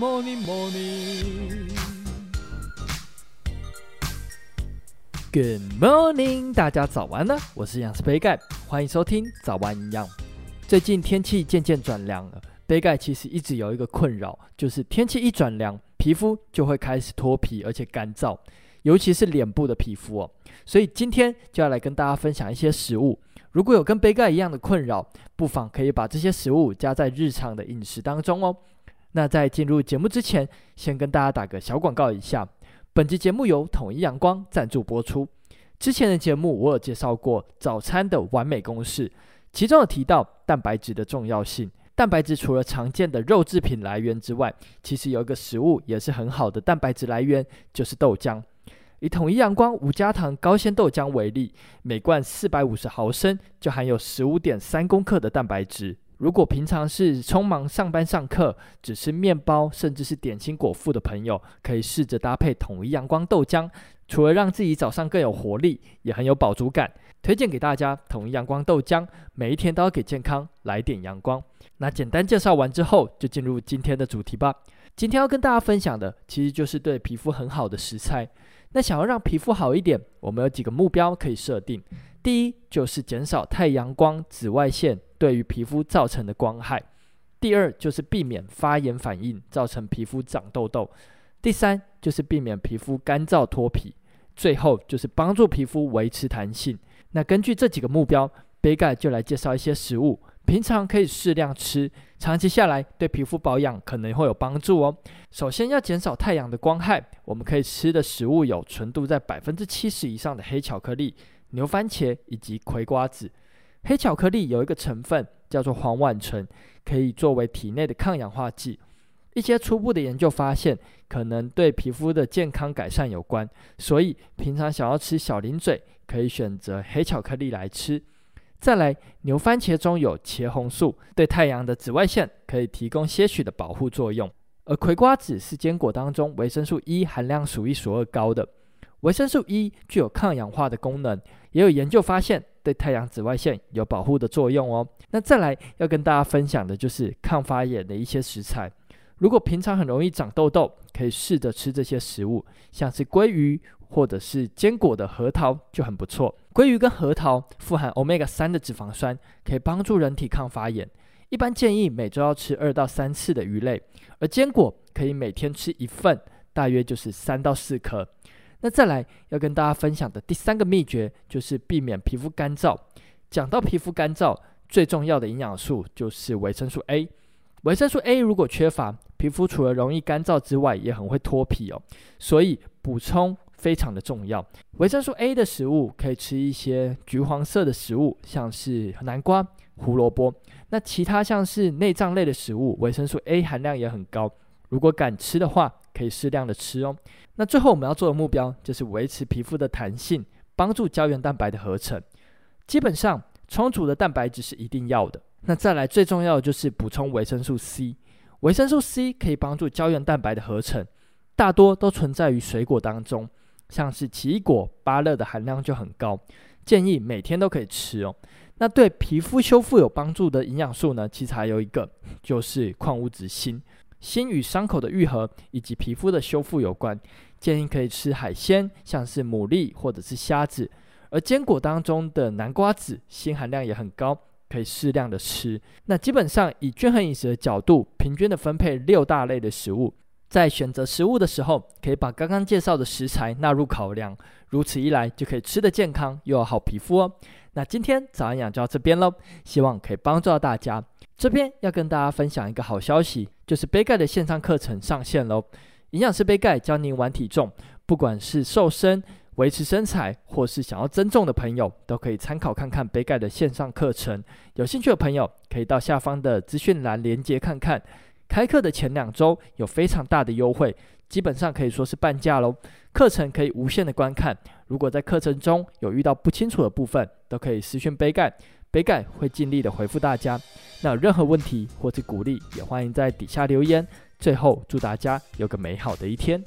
Morning, morning. Good morning，大家早安呢！我是營養師杯蓋，歡迎收聽早安營養。最近天氣漸漸轉涼了，杯蓋其實一直有一個困擾，就是天氣一轉涼，皮膚就會開始脫皮，而且乾燥，尤其是臉部的皮膚哦。所以今天就要來跟大家分享一些食物。如果有跟杯蓋一樣的困擾，不妨可以把這些食物加在日常的飲食當中哦。那在進入節目之前，先跟大家打個小廣告一下。本集節目由統一陽光贊助播出。之前的節目我有介紹過早餐的完美公式，其中有提到蛋白質的重要性。蛋白質除了常見的肉製品來源之外，其實有一個食物也是很好的蛋白質來源，就是豆漿。以統一陽光無加糖高纖豆漿為例，每罐四百五十毫升就含有十五點三公克的蛋白質。如果平常是匆忙上班、上課，只吃麵包，甚至是點心果腹的朋友，可以試着搭配統一陽光豆漿，除了讓自己早上更有活力，也很有飽足感。推薦給大家統一陽光豆漿，每一天都要給健康來點陽光。那簡單介紹完之後，就進入今天的主題吧。今天要跟大家分享的，其實就是對皮膚很好的食材。那想要讓皮膚好一點，我們有幾個目標可以設定。第一就是減少太陽光紫外線對於皮膚造成的光害，第二就是避免發炎反應造成皮膚長痘痘，第三就是避免皮膚乾燥脫皮，最後就是幫助皮膚維持彈性。那根據這幾個目標，杯蓋就來介紹一些食物，平常可以適量吃，長期下來對皮膚保養可能會有幫助哦。首先要減少太陽的光害，我們可以吃的食物有純度在百分之七十以上的黑巧克力。牛番茄以及葵瓜子，黑巧克力有一個成分叫做黃烷醇，可以作為體內的抗氧化劑。一些初步的研究發現，可能對皮膚的健康改善有關。所以，平常想要吃小零嘴，可以選擇黑巧克力來吃。再來，牛番茄中有茄紅素，對太陽的紫外線可以提供些許的保護作用。而葵瓜子是堅果當中維生素 E 含量數一數二高的，維生素 E 具有抗氧化的功能。也有研究發現，對太陽紫外線有保護的作用哦。那再來要跟大家分享的就是抗發炎的一些食材。如果平常很容易長痘痘，可以試着吃這些食物，像是鮭魚或者是堅果的核桃就很不錯。鮭魚跟核桃富含 Omega 三的脂肪酸，可以幫助人體抗發炎。一般建議每周要吃二到三次的魚類，而堅果可以每天吃一份，大約就是三到四顆。那再來要跟大家分享的第三個祕訣，就是避免皮膚乾燥。講到皮膚乾燥，最重要的營養素就是維生素 A。維生素 A 如果缺乏，皮膚除了容易乾燥之外，也很會脫皮哦。所以補充非常的重要。維生素 A 的食物可以吃一些橘黃色的食物，像是南瓜、胡蘿蔔。那其他像是內臟類的食物，維生素 A 含量也很高。如果敢吃的話，可以適量的吃哦。那最後我們要做的目標就是維持皮膚的彈性，幫助膠原蛋白的合成。基本上充足的蛋白質是一定要的。那再來最重要的就是補充維生素 C，維生素 C 可以幫助膠原蛋白的合成，大多都存在於水果當中，像是奇異果、芭樂的含量就很高，建議每天都可以吃哦。那對皮膚修復有幫助的營養素呢，其實還有一個就是礦物質鋅。鋅與傷口的癒合以及皮膚的修復有關，建議可以吃海鮮，像是牡蠣或者是蝦子，而堅果當中的南瓜子，鋅含量也很高，可以適量的吃。那基本上以均衡飲食的角度，平均的分配六大類的食物，在選擇食物的時候，可以把剛剛介紹的食材納入考量，如此一來就可以吃得健康，又有好皮膚哦。那今天早安養就到這邊嘍，希望可以幫助到大家。這邊要跟大家分享一個好消息，就是杯蓋的線上課程上線嘍！營養師杯蓋教您玩體重，不管是瘦身、維持身材，或是想要增重的朋友，都可以參考看看杯蓋的線上課程。有興趣的朋友可以到下方的資訊欄鏈接看看。開課的前兩週有非常大的優惠，基本上可以說是半價嘍。課程可以無限的觀看，如果在課程中有遇到不清楚的部分，都可以私訊杯蓋。杯蓋會盡力的回復大家，那有任何問題或是鼓勵，也歡迎在底下留言。最後，祝大家有個美好的一天。